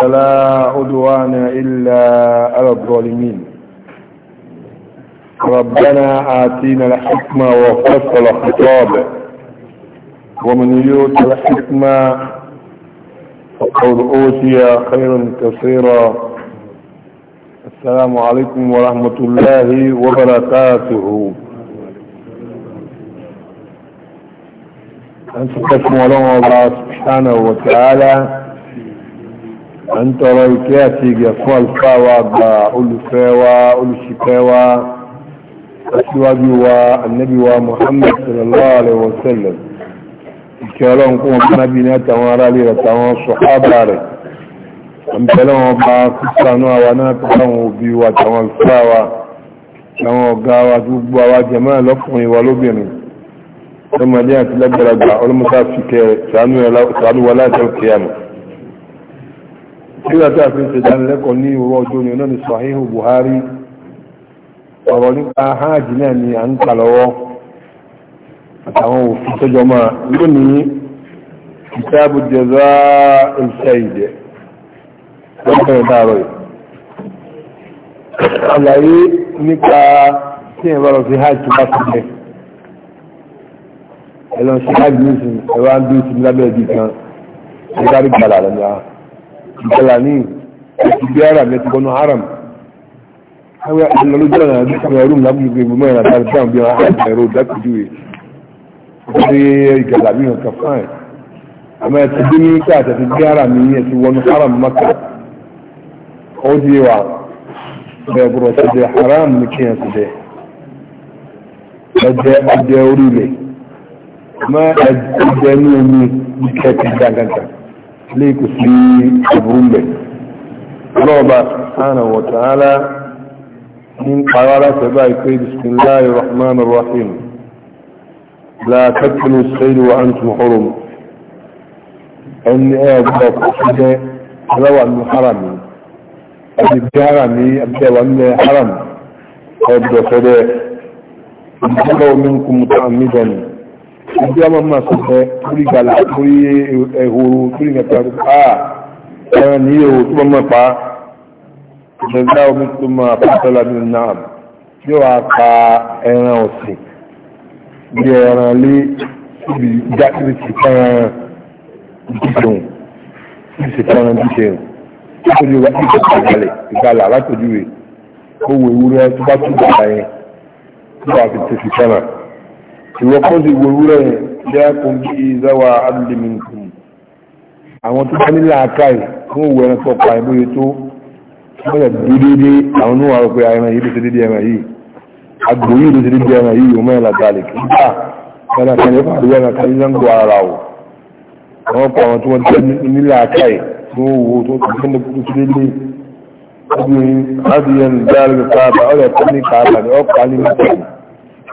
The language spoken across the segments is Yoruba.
فلا عدوان إلا على الظالمين ربنا آتينا الحكمة وفصل خطابه ومن يؤت الحكمة فقد أوتي خيرا كثيرا السلام عليكم ورحمة الله وبركاته أنت تسمع الله سبحانه وتعالى ń tọrọ ìkẹ́ àti ìgẹ̀ fún àlùfáà wa gba olùfẹ́ wa olùṣìpẹ̀ wa aṣíwájú wa annabi wa muhammad sallallahu alaihi wa sallam ìkẹ́ ọlọ́run kún ọmọ nábi ní àtàwọn ará lè àtàwọn sọ̀hábà rẹ̀ àmìtẹ́lẹ̀ wọn bá kúsànú àwa náà tàwọn òbí wa àtàwọn àlùfáà wa àwọn ọ̀gá wa gbogbo àwa jẹ̀mọ́ lọ́kùnrin wa lóbìnrin ọmọdé àti lágbàlagbà ọlọ́mọsáfíkẹ́ sàánú wa láti ọkẹ́ àmì nígbà tí a fi ń ṣe ìdánilẹ́kọ̀ọ́ ní òru ọjọ́ ní ọlọ́ni Sahihu Buhari ọ̀rọ̀ nípa hajj náà ni à ń kà lọ́wọ́ àtàwọn òfin tọ́jọ́ máa lónìí kitabu jaza al-shahid lọ́pọ̀ ìdárọ̀ yìí àlàyé nípa tí ẹ̀rọ lọ sí hajj tó bá sílẹ̀ ẹ̀lọ́n sí hajj ní ẹ̀rọ á ń bí ìsìn lábẹ́ ìdí kan ìgbárí gbàdà lọ́nà ìgbàlání ìgbé haram lẹ́tí bọ́nú haram ìlọlójú ọ̀nà àbí cameroon lábúgbé gbogbo ẹ̀rọ àti àrùn bí wọ́n á ẹ̀rọ dákùjúwe ṣe ìgbàlá bí wọn kà fáìn àmọ́ ẹ̀sìn bí ní ká àti ìgbé haram ní ẹ̀sìn wọnú haram maka ó di wa ẹ̀bùrọ̀ ṣẹ̀dẹ̀ haram ní omi ní kẹ́kẹ́ gàgàgà ليكو سلي كبرون بي لعبة سبحانه وتعالى من قرارة سباي قيد بسم الله الرحمن الرحيم لا تكلوا السيد وأنتم حرم أني أيها بلوك أشجع حلوة من حرم أني بجارني أبدا وأني حرم أبدا صدق أبدا منكم متعمدا ẹbí ọmọ mọ̀ sọ̀tẹ́ torí gbàlà torí ehoro torí nẹ̀tẹ̀ àà ẹran ní ihò tó mọ̀ pa ìṣẹ̀dá omi tó mọ̀ pàtàlá ní náà tí ó wà pa ẹran ọ̀sìn bí ẹran lé ibi jákèrè ti fẹ́ràn ìdíjẹun ìṣẹ̀ fẹ́ràn ìdíjẹun tó ní wà ìṣẹ̀ ìgbàlẹ̀ ìgbàlà látòjúwe owó ewúrẹ́ tó bá tún gbàlà yẹn tó wà fi tẹ̀sí fẹ́ràn ìwọ kọ́ sí wòwúrọ̀ yẹn lẹ́ẹ̀kùn bí ìzáwà adìmínkùn àwọn tó bá nílẹ̀ àkáì fún òwò ẹran tó pa ìbóye tó mọ́lẹ̀ dídídé àwọn níwà rọ̀ pé ẹran yìí ló ti dídí ẹran yìí agbò yìí ló ti dídí ẹran yìí òun mẹ́rin àtàlẹ̀ kíkà ẹran àtàlẹ̀ fún àdúgbò ẹran àtàlẹ̀ náà ń gbọ́ ara o àwọn pa àwọn tó wọ́n ti nílẹ̀ àkáì fún òwò tó ti fún òkú ti dídé ọdún adìyẹn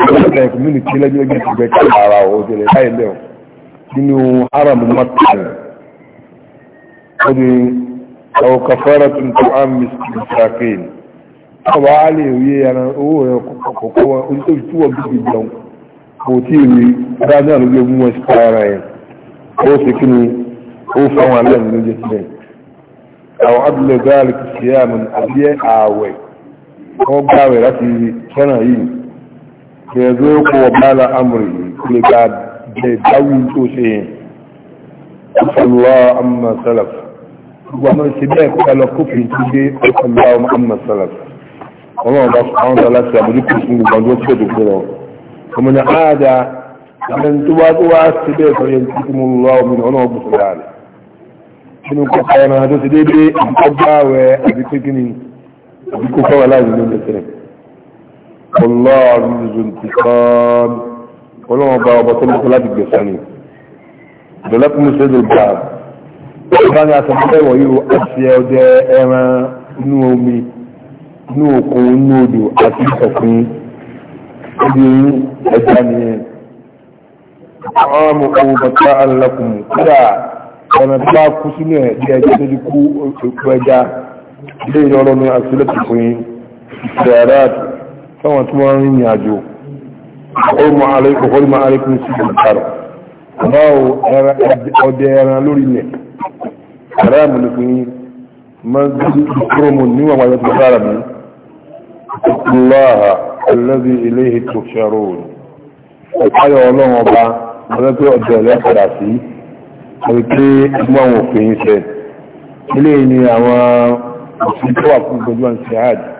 ọlọ́dà community lẹ́gbẹ̀ẹ́gbẹ̀ ìgbẹ́ kí ara òjèlè láìlẹ́ ọ̀ nínú haram mọ́tàlẹ̀ ó ní ọ̀ kàfàrà tó ń tó án mìsàkín ọba a lè rí ẹran owó rẹ̀ kọ̀kọ̀kọ́ wọn ó tó túwọ̀ bíbí jẹun kò tí ì rí dáadáa ló gbé mú wọn sí ara ẹ̀ ó sì kí ni ó fáwọn alẹ́nu ló jẹ́ sílẹ̀ àwọn adúlọ̀ gáàlì kìí ṣe àmì àbí ààwẹ̀ wọ́n gbààwẹ̀ láti fẹ́ràn yìí يذوق وبال أمره كل بعد جاوي توسين عفى الله عما سلف ومن سباك على كفر تجي عفى الله عما سلف والله الله سبحانه وتعالى سيعمل كل سنة وبعد وسيد ومن عاد من تواد وعسبه فينتقم الله من عنه بسلال شنو كفانا هذا سيدي بي أبقى وأبقى كنين أبقى ولا يمين بسلال ọlọ́ àrùn ìzòǹtìkan ọlọ́wọ́n bá ọba tó lọ́kọ́ láti gbẹ̀sán ni dọ̀lẹ́kùn sẹ́dọ̀ gbà ọba ní asọ̀tẹ́ wọ̀nyí o àti ọdẹ ẹran inú omi inú òkun inú odò àti ìkọ̀kùn ibi ẹja nìyẹn àwọn ọmọkùnrin bàtà alákùn kódà ọ̀nà tí a fáwọn tó wọ́n rìn àjò ọmọ àlékún àlékún sí ìjàrọ̀ báwo ọdẹ ẹran lórí ilẹ̀ aráàmù ní pín mọ́gbìnkúròmù níwọ̀n wáyé tó sára mi ìpínláà ẹlẹ́bí ilé ètò ṣẹ̀rọ ọ̀páyọ̀ ọlọ́run ọba ọlọ́pẹ́ ọ̀dọ̀ ẹ̀lẹ́ padà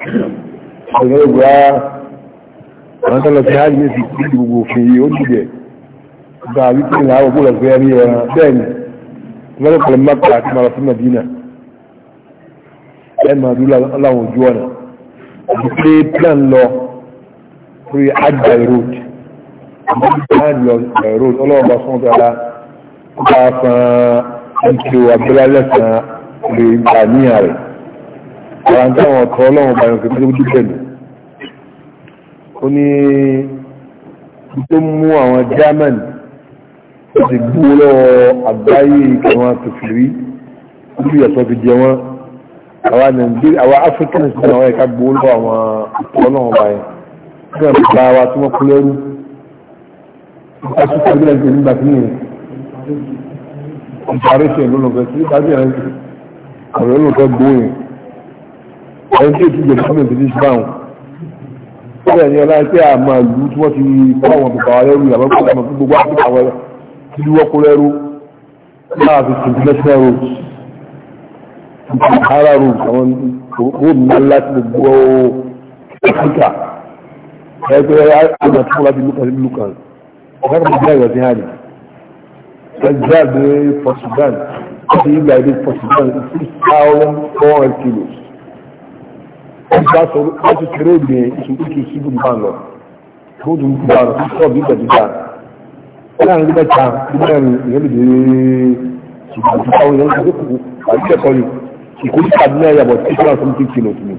ni ọ̀gbẹ́rẹ́ gbà àwọn tó lọ sí hajj ní ti gbogbo òfin yìí ó dìbẹ̀ gba wípé ní àwọn ògbólọ̀ fẹ́ rí ẹran bẹ́ẹ̀ ni lọ́dọ̀ pẹ̀lú mọ́kà àti mara fún Madina ẹ̀ máa dúró láwọn ojú ọ̀nà àti pé plan lọ lórí hajj by road àmọ́ hajj by road ọlọ́wọ́ bá fún ọ̀gá ọba san mko abdullahi lẹ́sàn-án lè gbà níyà rẹ̀ àwọn táwọn ọkọ̀ ọlọ́wọ́ bá yọ̀ kẹ́kẹ́ tó dúpẹ́ lù ó ní tó mú àwọn german ó ti gbó lọ́wọ́ àgbáyé àwọn kẹfìrí orí ẹ̀sọ́ fi jẹ wọ́n àwọn nàìjíríà àwọn africans ní àwọn ẹ̀ka gbó lọ́wọ́ àwọn ọlọ́wọ́ báyìí nígbà tó bá wa tí wọ́n kú lẹ́rú nígbà tó kú lẹ́rú nígbà tó yẹn comparison ló lọ fẹ́ sí nígbà tó yẹn ọ̀rọ̀ ló fẹ́ gbó yẹn ẹni tí ó ti jẹ fún mi ti ti ṣe báwọn bẹ́ẹ̀ ni ọlá ẹgbẹ́ àmà ìlú tí wọ́n ti kọ́ àwọn bùkà ẹrú ìyàwó kọ́ àwọn fún gbogbo àti àwọn ìlú ọkọ̀ ẹrú náà fi ti national roads ara roads àwọn road ńlá ńlá ti gbogbo áfíríkà ẹgbẹ́ àgbà tí wọ́n láti lùkà sí lùkà ọ̀gá kan bí àgbà ẹgbẹ́ àgbẹ̀ for ti yí gbà ilé for kilos ìgbà sọ̀rọ̀ láti tẹ̀lé ìgbè ìṣòkòtò síbù bá lọ gbódù bá lọ sí sọ́ọ̀bù ìgbà jíjà láàrin nígbà ta nígbà ìyẹn lè dé ìgbà jíjà òun yẹn lè kókò àti ẹ̀kọ́ ni ìkókò tàbí náà yàbọ̀ tí ìṣúná tó ń ti kìlọ̀ fún mi.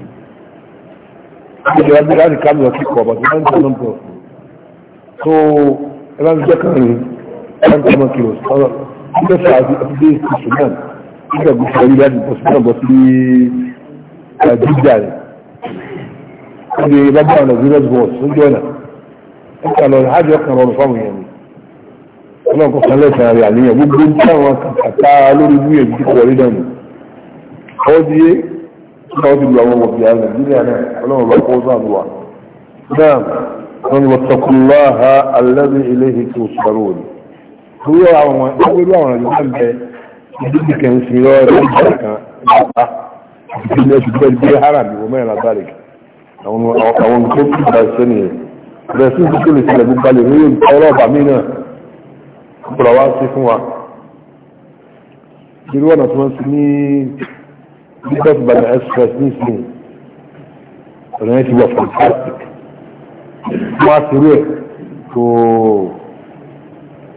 ìgbà wọn bí láti kámi ọtí kọ̀ bàtí wọn ń tẹ̀ lọ́n pọ̀ so ẹ bá ń jẹ́ kàrin ẹ bá ń tẹ̀ mọ́ kìlọ̀ sọ́ọ̀rọ̀ nígbà tí a ti dé ìṣúná nígbà gbèsè orí láti bọ̀ sí náà bọ̀ sí àjíjà rẹ̀ wọ́n di lágbà ọ̀nà village board lójú ọ̀nà wọ́n kà lọ hajj ọkàn rọrùn fáwọn èèyàn ni ọlọ́run kò san lẹ́sàn rẹ̀ àníyàn gbogbo ní àwọn kàkà lórí wíyẹ̀ ìdí kò wọlé dànù ọ́ di é ọ́ ti lu àwọn ọmọ ìyá nàìjíríà náà ọlọ́run bá kọ́ sáà lùwà náà wọ́n ni wọ́tọ̀kùn láha alẹ́bí ilé ètò òṣèlú òní lórí àwọn ọmọ ìgbẹ́lú àwọn àjọ náà bẹ ìdíjì kẹ́ ń sin lọ́wọ́ ẹ̀rọ ìjà kan ìpínlẹ̀ ṣùgbọ́n bí haram ìwọ̀n mẹ́rin labarik àwọn àwọn tó kí ìgbà ìṣẹ́ni rẹ̀ sí ìdíkò lè ṣẹlẹ̀ gbogbo alẹ́ ní ọ̀rọ̀ ọ̀bà mí náà kúrò wá sí fún wa irú ọ̀nà tí wọ́n ti ní bíkọ́sì bàbá express ní ìsìn ọ̀nà yẹn ti wà fantastic wọ́n á ti rú ẹ̀ tó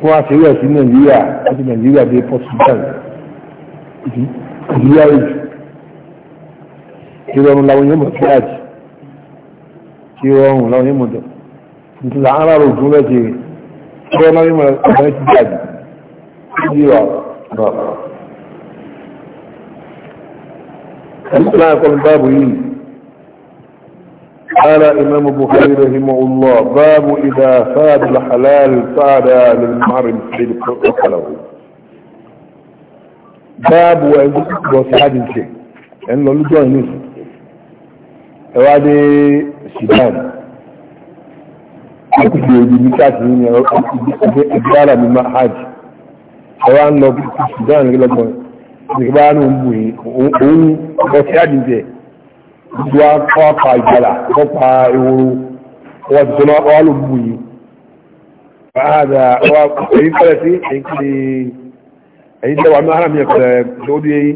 wọ́n á ẹ̀ sí nàìjíríà láti nàìjíríà dé port sudan ìdíyàwó jù ìrọ̀rùn làwọn yóò mọ̀ sí àjì ìrọ̀rùn làwọn yóò mọ̀ dọ̀ nítorí àwọn ará ògùn rẹ̀ قال إمام بخاري رحمه الله باب إذا فاد الحلال فاد للمحرم الحلال باب وإذا فاد شيء يعني لو لجوا الحلال ẹ wá dé Sudan àkùdé òbí ní káàkiri ní ẹgbẹ́ ara mi máa hajj ẹ wá ń lọ bí Sudan lọ́gbọ̀n nígbà bá ní òun bù yìí òun ọkọ̀ sí àdìjẹ́ gbogbo akọ́ pa ìgbàlà kọ́ pa ehoro wọ́n ti tọ́lá wọ́n ló bù yìí báyà wọ́n èyí fẹ́rẹ̀ sí èyí kiri èyí tẹ́wàá ní ara mi ẹ̀kọ́ rẹ̀ tó dé yìí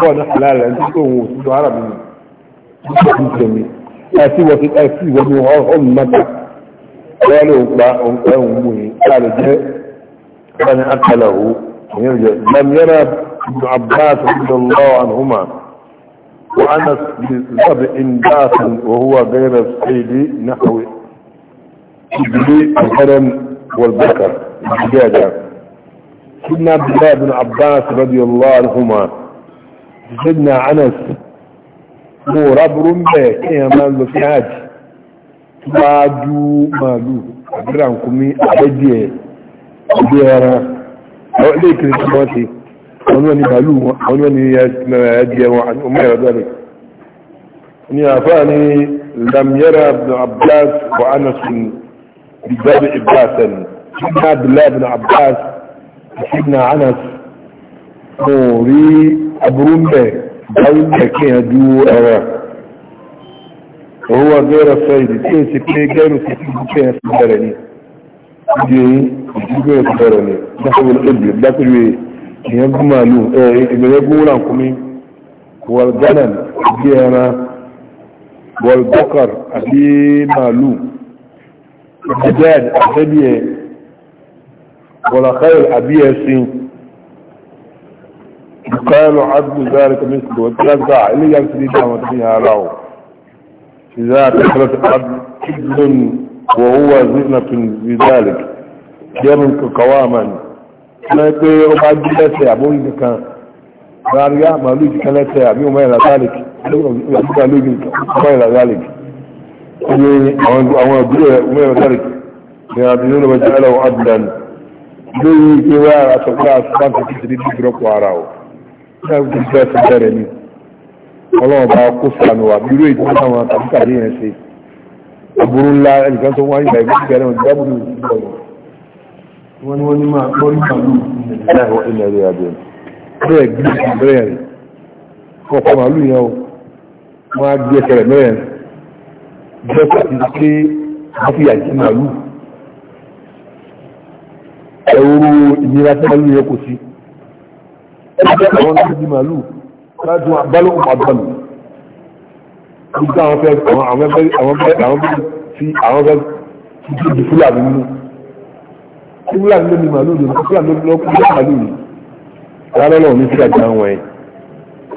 bọ́ọ̀ náà lára rẹ̀ nítorí òun ò sí tó ara mi nù mùsùlùmí àti wọ́sí àti ìwọ́n ní ọ̀hún mẹ́ta wọ́n lè gba ohun mú yìí láàrín jẹ́ wọ́n ni àkàlàwò ìyẹn jẹ́ lamẹ́ra ibn abbas radiyallahu anhuma wa anas bi zabi in basan wa huwa gaira saidi nahwi ibili al-haram wal bakar ibili سيدنا عبد الله بن عباس رضي الله عنهما سيدنا انس mo ráburú ń bẹ̀ kí èèyàn máa lọ sí hajj tó bá dú màálù àbúrà nkúmi àbẹ́dìẹ̀ ìgbé ara àwọn ilé ìkiri tí wọ́n ti àwọn ní màálù wọn àwọn ní ẹ̀dìẹ̀ wọn àti ọmọ ẹ̀rọ dọ́lẹ̀ ni àfáà ní lamyara abdullahi wa anasun bijabi ibrasan ibn abdullahi ibn abbas ibn anas mo rí aburú ń báyìí kẹ̀kẹ́ yẹn ju ẹ̀rọ owó agbẹ́rẹ́ sọ ìdí tí èsì pé gẹ́rù sí ti dúkẹ́ yẹn sí bẹ̀rẹ̀ ni ìdí èyí ìdúgbò yẹn sí bẹ̀rẹ̀ ni dákòwò lẹ́bi dákòwò èèyàn gún màálù ìgbẹ̀rẹ̀ gún wúrà ẹran wọ̀lbọ́kàr àbí màálù ìdíjáde àtẹ́bí ẹ̀ wọ̀làkáyọ̀ àbí ẹ̀sìn يقال عبد ذلك مثل والثلاث اللي قال سيدي له إذا عبد عدل وهو زينة بذلك يملك قواما ما يقول وبعد لا سيعبون كان راريا ما لوج كان لا سيعبون إلى ذلك يقول لوج ما إلى ذلك أو أو ما إلى ذلك يعدلون وجعله عدلا لوج كوار أتوقع أصلاً في تسريب ركوع راو gbogbo ẹ̀sìn bẹ̀rẹ̀ ni ọlọ́run bá kó sànù wà bí irú èdè àwọn tàbí tàbí yẹn ṣe àbúrú ńlá ẹnìkan tó wáyé ìgbà ìgbà ìgbà ìgbà ìgbà ìgbà wọ́n ni wọ́n ní máa gbọ́ ní pàlú ìlẹ́wọ̀ ilẹ̀ rẹ̀ àbẹ̀ bẹ́ẹ̀ gbé ìbẹ̀rẹ̀ rẹ̀ fún ọ̀pọ̀ màálù yẹn o wọ́n á gbé ẹsẹ̀ rẹ̀ mẹ́rẹ̀ jẹ́ pàtí pé wọ́n fi àjí màálù ẹ̀wòrò ìnira tí màálù yẹn ẹgbẹ́ àwọn tó di màálù láti wọn abálò wọn abálò nígbà àwọn fẹ́ àwọn fẹ́ àwọn fẹ́ àwọn fẹ́ fi àwọn fẹ́ fi tó di fúlàní mú fúlàní ló ní màálù ló ní fúlàní ló kú ní màálù yìí rárá lọ́wọ́ ní sí àjà àwọn ẹ̀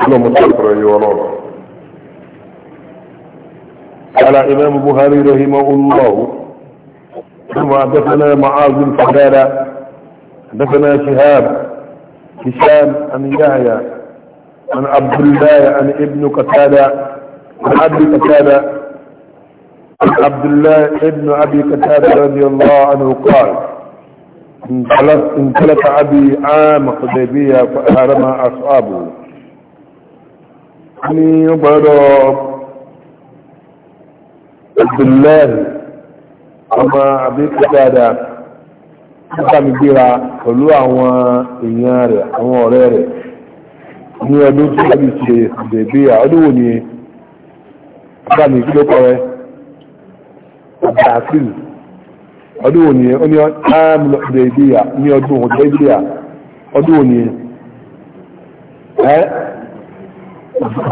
ọlọ́mọ tó kọ̀rọ̀ yọ ọlọ́rọ̀. قال إمام بخاري رحمه الله ثم حدثنا معاذ بن حدثنا شهاب هشام عن يحيى عن عبد الله عن ابن قتادة عن أبي قتادة عن عبد الله ابن أبي قتادة رضي الله عنه قال انطلق أبي عام حديبية فأهرم أصحابه ni ọgbọ̀rọ̀ abdullahi ابي قتادة nígbàmí gbéra pẹ̀lú àwọn èèyàn rẹ̀ àwọn ọ̀rẹ́ rẹ̀ ní ọdún tí wọ́n bí ṣe bèbè ọdún wò ní nígbàmí kí ló kọ́ rẹ̀ àbáàkìl ọdún wò ní ọdún ní ọdún ọdún ìbíyà ọdún wò ní ẹ́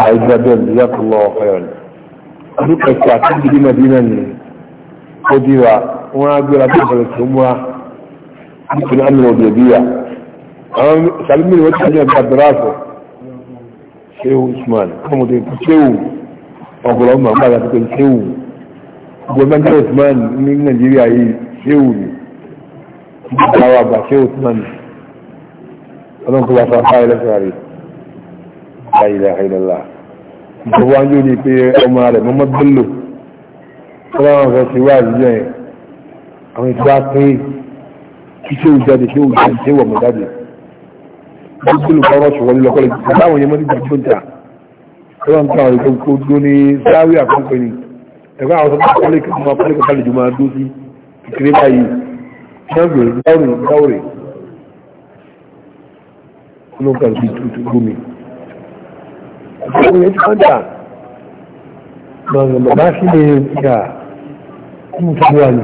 àìsàbẹ̀l yàtọ̀lọ́ ọ̀fẹ́rẹ̀ ọdún pẹ̀sẹ̀ ní ó díra في الأمن والبيبيع سلمي الوجه حاجة بتاع الدراسة شيو عثمان كمودين شيو أقول أمه ما قاعد شيو أقول من عثمان من نيجيريا هي شيو جواب شيو عثمان أنا كل أصلا حائل أسراري لا إله إلا الله ìjọwọ́n yóò ní pé ọmọ rẹ̀ mọ́mọ́ gbẹ́lò ọlọ́run fẹ́ síwájú jẹ́ àwọn ìjọba pín kí ṣé o jáde ṣé o jáde ṣé wọ̀ mọ̀ jáde wọ́n ti lùkọ́ rọ́ọ̀ṣù wọlé lọ́kọ́lẹ̀ láwọn yẹn mọ́ nígbà tó ń ta ẹ̀rọ ń ta àwọn ìkọ́ kó dúró ní sáré àkọ́kọ́ ni ẹ̀rọ àwọn sọ́kọ́ kọ́lé kan máa kọ́lé kan lèjò máa dúró sí kékeré báyìí ṣẹ́gun dáwòrè dáwòrè olóńkà sí tuntun gómi. ọ̀pọ̀ yẹn ti kọ́ńtà lọ́nà bàbá sí lè ń ta kí mo ti wà ní.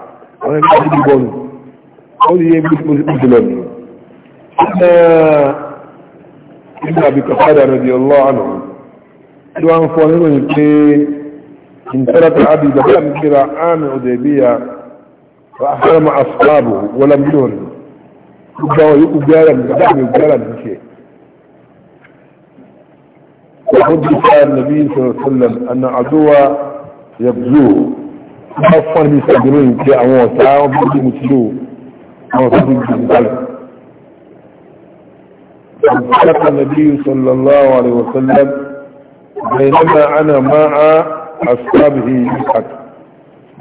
wọ́n ní láti dìbò nù ó ní yé bùjùlọ nù ṣíṣe ibùdó àbí kọfádà rẹ̀ di ọlọ́ àná tí wọ́n ń fọ́ nínú yìí pé ìntẹ́rẹ́tà àbí ìgbàgbọ́ àmì kíra àmì òdèbíyà فأحرم أصحابه ولم يهن يقبعوا يقبعوا يقبعوا يقبعوا بشيء وحدث النبي صلى الله عليه وسلم أن عدوى يبزوه bá fún ẹbí ìṣàgbéró yìí pé àwọn ọ̀tá ọbẹ̀ bí mo ti lò àwọn ọ̀tá bí mo ti balẹ̀. Àbúkátà Nàbí sallallahu alaihi wa sallam بينما أنا مع أصحابه يضحك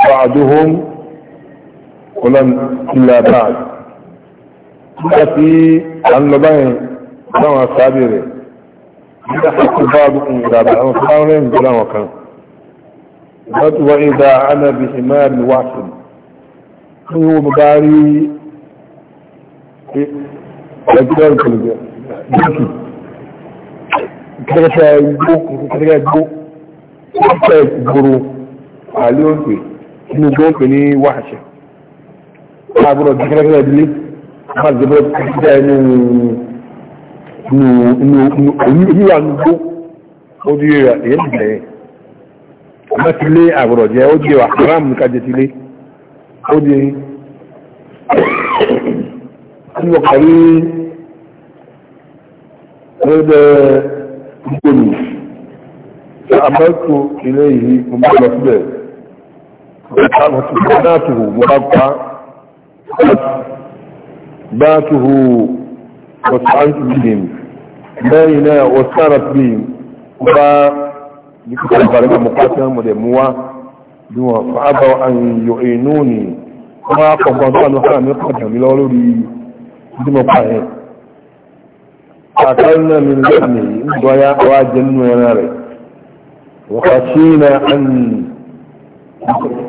بعضهم ولم إلا بعد في أن لبين نوع صابره يضحك بعضهم إلى بعض فأولين بلا مكان وإذا أنا بحمار واصل هو مداري أجدار كل جاكي كرتا يبوك كرتا يبوك كرتا يبورو عليون في كنو دوك ني وحشة عبرو كرتا كرتا يبلي ما زبرو كرتا ينو نو نو نو نو نو نو نو نو نو mẹ́tílé àgbọ̀rọ̀ jẹ́ ó jẹ́ wà haram ní kájẹ́tílé ó jẹ́ ọkọ̀ rí ẹgbẹ́ ìgbòmí àmọ́kù ilé yìí mo bá lọ síbẹ̀ báàtùhù mo bá pa báàtùhù wọ̀sáàtù bíi lẹ́yìn náà wọ̀sáàtù bíi mo bá nítorí àbàrẹ́ mọ̀ mọ̀kọ́ tí wọ́n mọ̀dẹ̀ mú wá bí wọ́n fàábọ̀ àyìnyọ inú ni wọ́n á kọ̀ọ̀kan tó wà ní ọ̀hánà mi kọjá mi lọ́wọ́ lórí bí mo pa yẹn. àtàrí náà mi lọ́wọ́ mi nígbà ya wá jẹ́ nínú ẹran rẹ̀ wọ́n kà sí na ẹn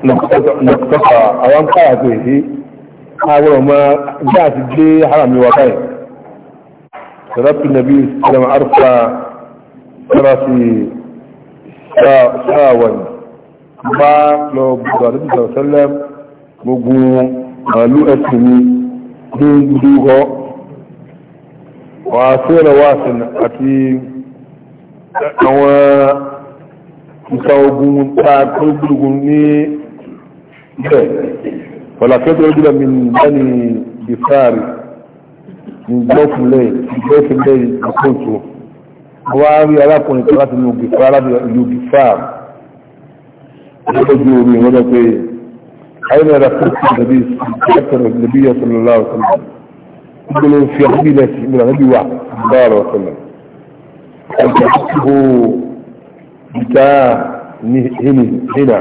nàkọ́tà àwọn káyà ti gbé hàrà mi wá báyìí. sọ̀rọ̀ pínlẹ̀ bí sọ̀rọ̀ àrùkà sọ̀rọ̀ sáàwọ̀n bá lọ gbogbo àdébí sàrọ̀sẹ́lẹ̀ gbogbo màálù ẹ̀sìn ní gbogbo wà sílẹ̀ wà sí àti àwọn ìta ogun ta tó gbogbo ní bẹ̀ wọ̀làkẹ́tọ̀ ojúlẹ̀ mi bẹ́ni bifari ní gbọ́fúnlẹ̀ ìgbọ́fúnlẹ̀ ìgbọ́fúnlẹ̀ wá rí arákùnrin tó láti lògì fà lògì fà lójú orí wọ́n jẹ́ pé ayélujára rafetí nàbí ìsìnkẹ́tọ̀rọ̀ nàbí yasọ̀lọ́lá ọ̀sọ̀lọ́ ìgbélé fi àbí ilẹ̀ sí ìgbéra nàbí wà báàrọ̀ ọ̀sọ̀lọ́ ọ̀sọ̀ tó bìtá ní hìnà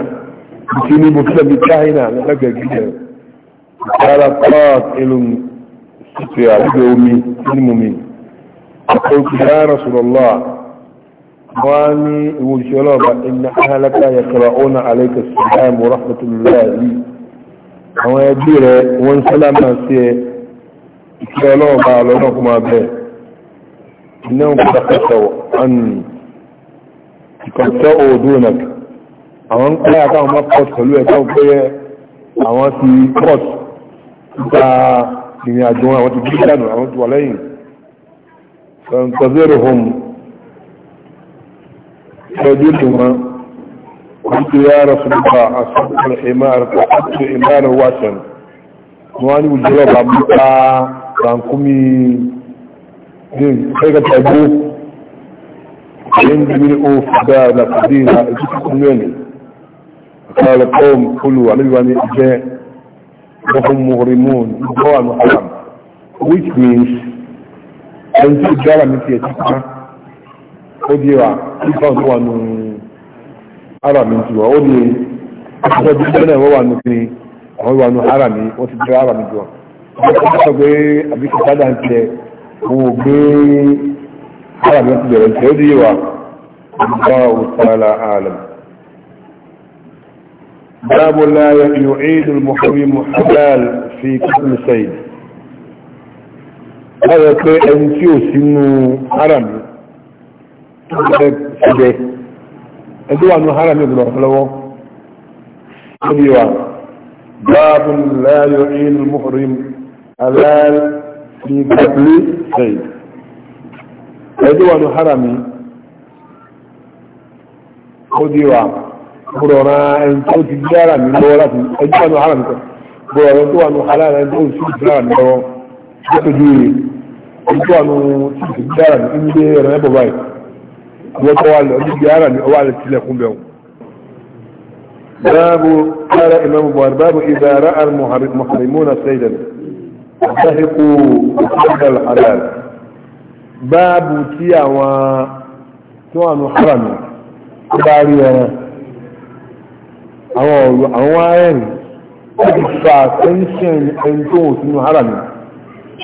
bìtí ní bòkítà bìtá hìnà lọ́gbẹ̀ gíga ìtara pàt ìlú sípè àdúgbò omi nínú mi. قلت يا رسول الله واني وجلوبا ان اهلك يقرؤون عليك السلام ورحمة الله àwọn ẹbí rẹ̀ wọ́n ń sálámà sí ẹ ìkẹ́ ọlọ́ọ̀bá lọ́nà kó máa bẹ̀ iná ń kọ́ta kẹsàwọ̀ ọ̀nì ìkọ̀tọ́ òòdó náà àwọn ń pẹ́ àtàwọn máa pọ̀ pẹ̀lú ẹ̀kọ́ pé àwọn ti pọ̀ nípa ìrìn àjò àwọn ti gbé dànù àwọn ti wà lẹ́yìn فانتظرهم فجلهم قلت يا رسول الله أصبح الحمار فأخذت حمارا واسا وأنا وجلب عبدالله رانكمي دين خيغة أبوك عندي من أوف دار قدينا مني قال قوم كلوا علي وأنا جاء وهم مغرمون هو المحرم which means ẹni tí ìgbára mi ti ẹ̀tí kan ó di wa nípa ọ̀dọ́ wa nù ara mi jù ó di ọjọ́ bí bẹ́ẹ̀ náà wọ́n wà nù kí àwọn ìwà nù ara mi wọ́n ti jẹ́ ara mi jù wọ́n sọ pé àbíkú sádà ń tiẹ̀ òun ò gbé ara mi ti bẹ̀rẹ̀ tiẹ̀ ó di wa ìgbà òtàlà àlẹ́ باب لا يعيد المحرم حلال في كل سيد láyọ̀ pé ẹni tí ò sínú harami ẹgbẹ́ ẹgbẹ́ wà ní harami ìgbìmọ̀ ọ̀fẹ́lọ́wọ́ ó di wa báàbù láyọ̀ inú muhrim aláàrí kàbílì sẹ́yìn ẹgbẹ́ wà ní harami ó di wa bùrọ̀rọ̀ ẹni tó ti gbé harami lọ́wọ́ ẹgbẹ́ wà ní harami kan bùrọ̀rọ̀ ojú àánú tìtì dára ní ilé ẹ̀rọ ẹ̀bọ̀ báyìí wọ́n tó wà lọ ní yàrá ní ọwọ́ àlẹ́ tilẹ̀kùn bẹ̀rù. báàbù kára imam buhari báàbù ìdára al-muharrimuna sayyidan àtàkù ìtàkù al-halal báàbù tí àwọn tó wà ní haram tó bá rí ẹran àwọn ọ̀rọ̀ àwọn arẹ́rìn ó ti fa attention ẹni tó wò sínú haram yìí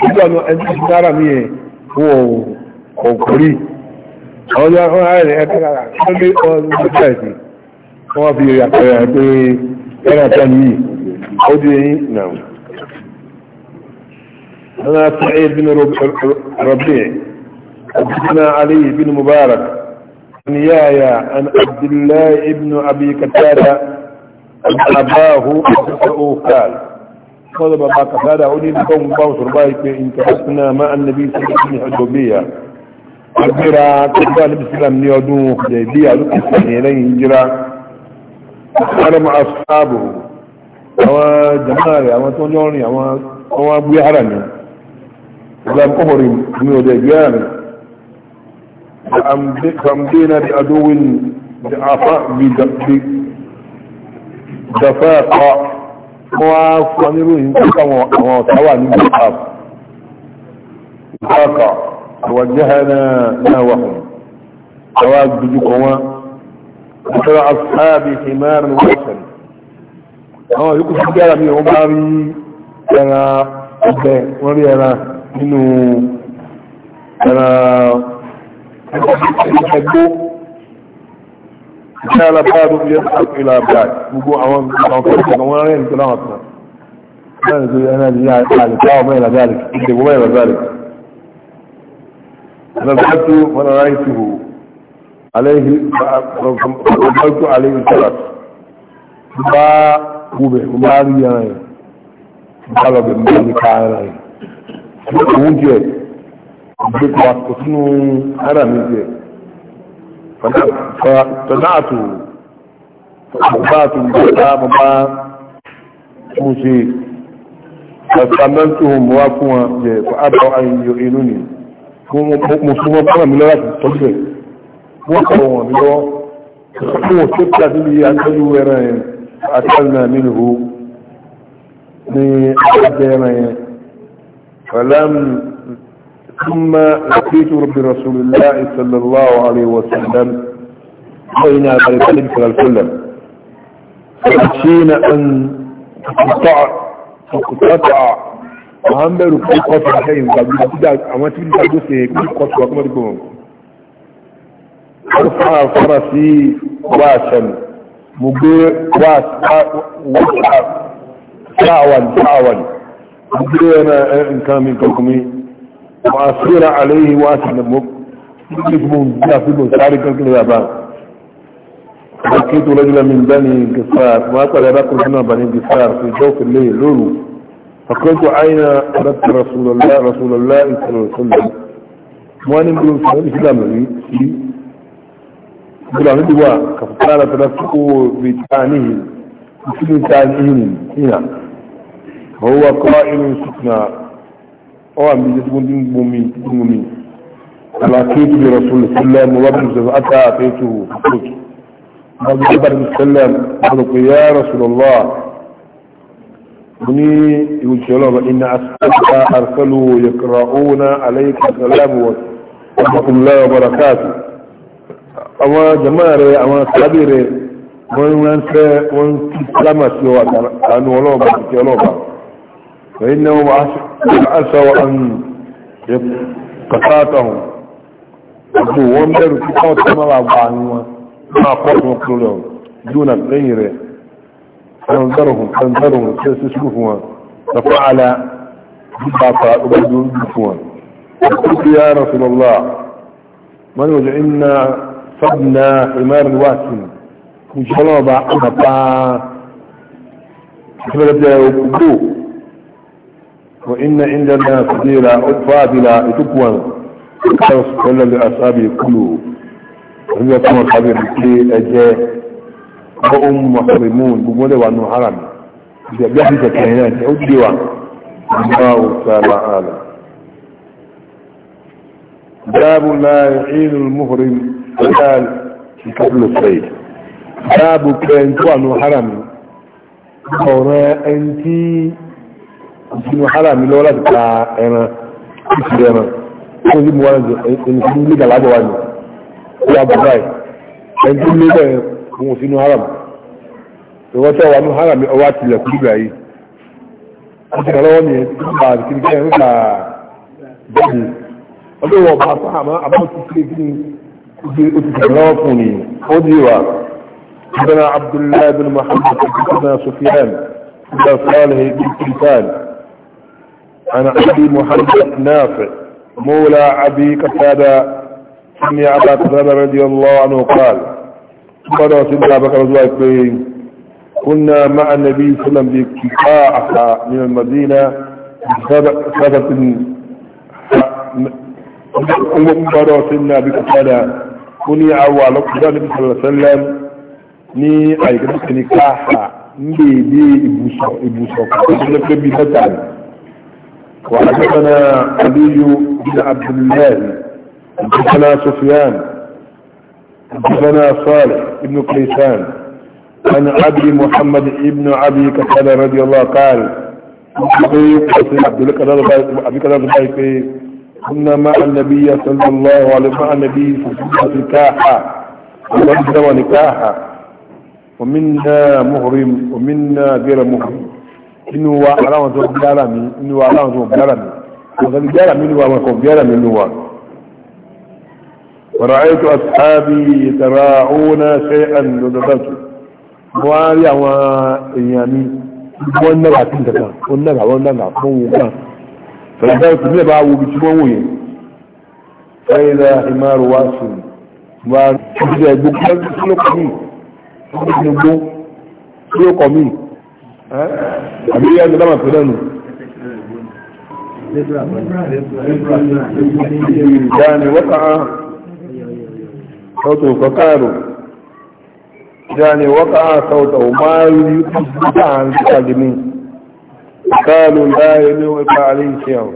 ìjọ́nà ẹjọ́ sí dára ní ẹ̀ fún أنا سعيد بن ربيع أبتنا علي بن مبارك أن يايا أن عبد الله بن أبي كتالة أن أباه أبتأه قال قال بابا قتادة أولي بكم باو سرباي في انتحسنا مع النبي صلى الله عليه وسلم حدوبية أكبر تقوى النبي صلى الله عليه وسلم يدوه جيبية لك السنة إليه هجرة أنا مع أصحابه أما جمالي أما تونيوني أما أما أبو يحرمي ولم أهرم من جيبياني فأمدينا بأدو بعفاء بدفاقة wọ́n á fún oníròyìn tó káwọn àwọn ọ̀tá wà ní ìgbàkà ìgbàkà àwọ̀jẹ́hẹ́ náà wà fún àwọn agbójúkọ wọn àtàrà àfáàbì ìmáàrin wọ́sàn àwọn yóò kú sí bí ẹgbẹ́ ìṣẹ́lá báyàdó ilé ìlà báyàdó gbogbo àwọn ọ̀fẹ́ àwọn arẹ́ ìtọ́lá ọ̀tọ́ náà ni tó yẹ náà ni yá àlùkọ́ ọmọ ìlà báyàdó ìdìbò mọ́ ìlà báyàdó نزلت وانا رايته عليه فقلت عليه الثلاث ما قوبه وما لي انا قال بمالك انا وجه بيت واسكنو انا من جهه فصنعت فأخبات بها مبا موسي فاستعملتهم وافوا فأبعوا أن يؤينوني مسلمون كما من لا تتجد وقعوا من الله فأخبوا سبتا بلي أن يورين فأكلنا منه ni a ɗaya mai falam ثم لقيت رب رسول الله صلى الله عليه وسلم بين ذلك صلى الله فخشينا أن تقطع تقطع وهم بيرو كل قطع حين قبل كده أما تبين تدوسي كل قطع وكما تقوم أرفع فرسي واسا مجير واس واسع ساعوا ساعوا مجير أنا إن كان منكم وأصير عليه واسم المب يجبون بها في المساري كالكل يابان فكيت رجلا من بني انكسار ما قال لكم هنا بني انكسار في جوف الليل لولو فقلت أين أردت رسول الله رسول الله صلى الله عليه وسلم وانا نقول صلى الله لي وسلم يقول عن الدواء كفتارة تلفقوا بتانيه بسلم تانيه هنا هو قائل سكنا ọwà mi jẹ́ gbogbo gbomi gbomi alakitu bi rasul sallam wa bi zaba ata ataitu kutu ba bi zaba bi sallam ba ko ya rasulullah ni iwu jelo ba inna asaka arsalu yaqrauna alayka salam wa rahmatullahi wa barakatuh àwọn jama'a rẹ̀ àwọn sabi rẹ̀ wọ́n ran se wọ́n ti salama sí wa anu Ọlọ́run ba ti Ọlọ́run ba فإنه عسى أن قساتهم وهم داروا في قوة مرعب عنهم ما قوة وقلوا لهم دون غيره فانظرهم فانظرهم تسلفهم ففعل بطاقة وبدون بفهم قلت يا رسول الله من وجعلنا صبنا حمار الواسم وجعلنا بعض أمطان كما بدأ يقولوا وإن عندنا فضيلة فاضلة تكون كل لأصحابي كلوا هي كما قبل كي أجاء وأم محرمون بمولى وأنه حرام بيحدث الكهنات أو ديوان الله تعالى أعلم باب لا يعين المهرم قال قبل الصيد باب كان كوانو حرام قراء أنتي ìsinmi hálà mi lọ́wọ́ láti pa ẹran ìsì ẹran fún ìlú wọn ẹni tí ní gàlágbọ̀ wa ni ó wà bàbá ẹ̀ ẹni tí ní bẹ̀rẹ̀ fún òsínú hálà mi ìwọ́n tẹ́ wà ní hálà mi ọwọ́ àti ilẹ̀kùn ìgbà yìí ó ti lọ́wọ́ ni nípa kìrìkìrì nípa bẹ́ẹ̀ni ọdún wọn bá fún àmọ́ àbọ̀ ti ṣe kí ni ó ti tẹ̀lé fún ni ó di wa ابن عبد الله بن محمد بن سفيان بن صالح بن سلطان عن أبي محمد نافع مولى أبي قتادة سمع أبا قتادة رضي الله عنه قال قال سيدنا أبا قتادة كنا مع النبي صلى الله عليه وسلم بكفاءة من المدينة بسبب قال سيدنا أبي كني أول قتادة النبي صلى الله عليه وسلم ني أي tó kìíní káàkà ń bèèdè ìbùsọ̀ ìbùsọ̀ kò tó وحدثنا علي بن عبد الله حدثنا سفيان حدثنا صالح بن كيسان عن ابي محمد بن ابي كفاله رضي الله قال ابي كنا مع النبي صلى الله عليه مع النبي في الكاحة ونكاحة ومنا مهرم ومنا غير مهرم inú wa aláwọn tó gbára mi inú wa aláwọn tó gbára mi ọ̀sán ni gbára mi inú wa kò gbára mi inú wa ورأيت أصحابي يتراعون شيئا لذبته buhari àwọn èèyàn mi wọ́n náà àti ìdàkà wọ́n náà wọ́n náà fún wọn náà fẹ̀lẹ̀dá òtù ní ẹ̀bá wo bí tí wọ́n wò yẹn fẹ́ẹ̀dá ìmáàrù wá sùn wá ṣíṣẹ́ gbogbo ẹgbẹ́ tí ó kọ̀ mí àbí yá ní dámà tó dánù يعني وقع صوته فقاره يعني وقع صوته ما يتبع عن القادمين قالوا لا يلوك عليه شيء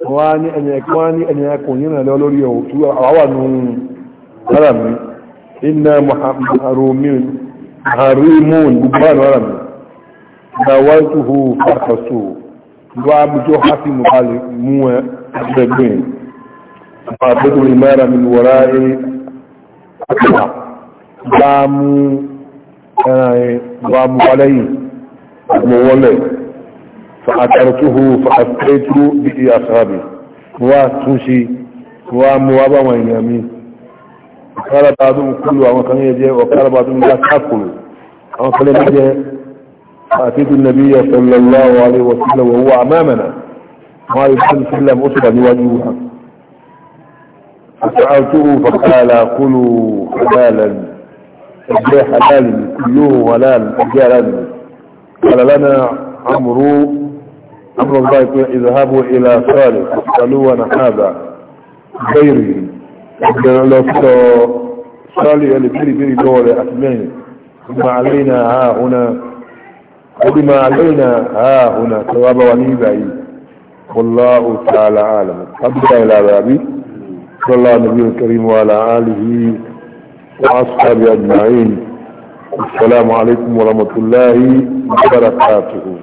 wani ẹni ẹkwani ẹni ẹkùn yínà lọ lórí àwọn nùn haram iná maharimun gbogbo haram dawaituhu farkasu wa mujo hafi mubali muwa dagbin fadadu imara min wara'i akwa ba mu ba mu walayi mu wale fa akartuhu fa asqaitu bi ashabi wa tunshi wa mu wa ba mai yami kala ba dum kullu wa kan yaje wa kala ba dum la takulu an kala yaje فأتيت النبي صلى الله عليه وسلم وهو أمامنا ما يسلم سلم أسرا يواجهها فسألته فقال كلوا حلالا أجي حلال كله حلال أجي حلال قال لنا عمرو أمر الله يقول اذهبوا إلى صالح فاسألونا هذا غيري قال صالح اللي بيري بيري دولة أسمعي ثم علينا ها هنا وبما علينا ها هنا ثواب ونيبعي والله تعالى عالم أبدا إلى بابي صلى الله النبي الكريم وعلى آله وأصحابه أجمعين السلام عليكم ورحمة الله وبركاته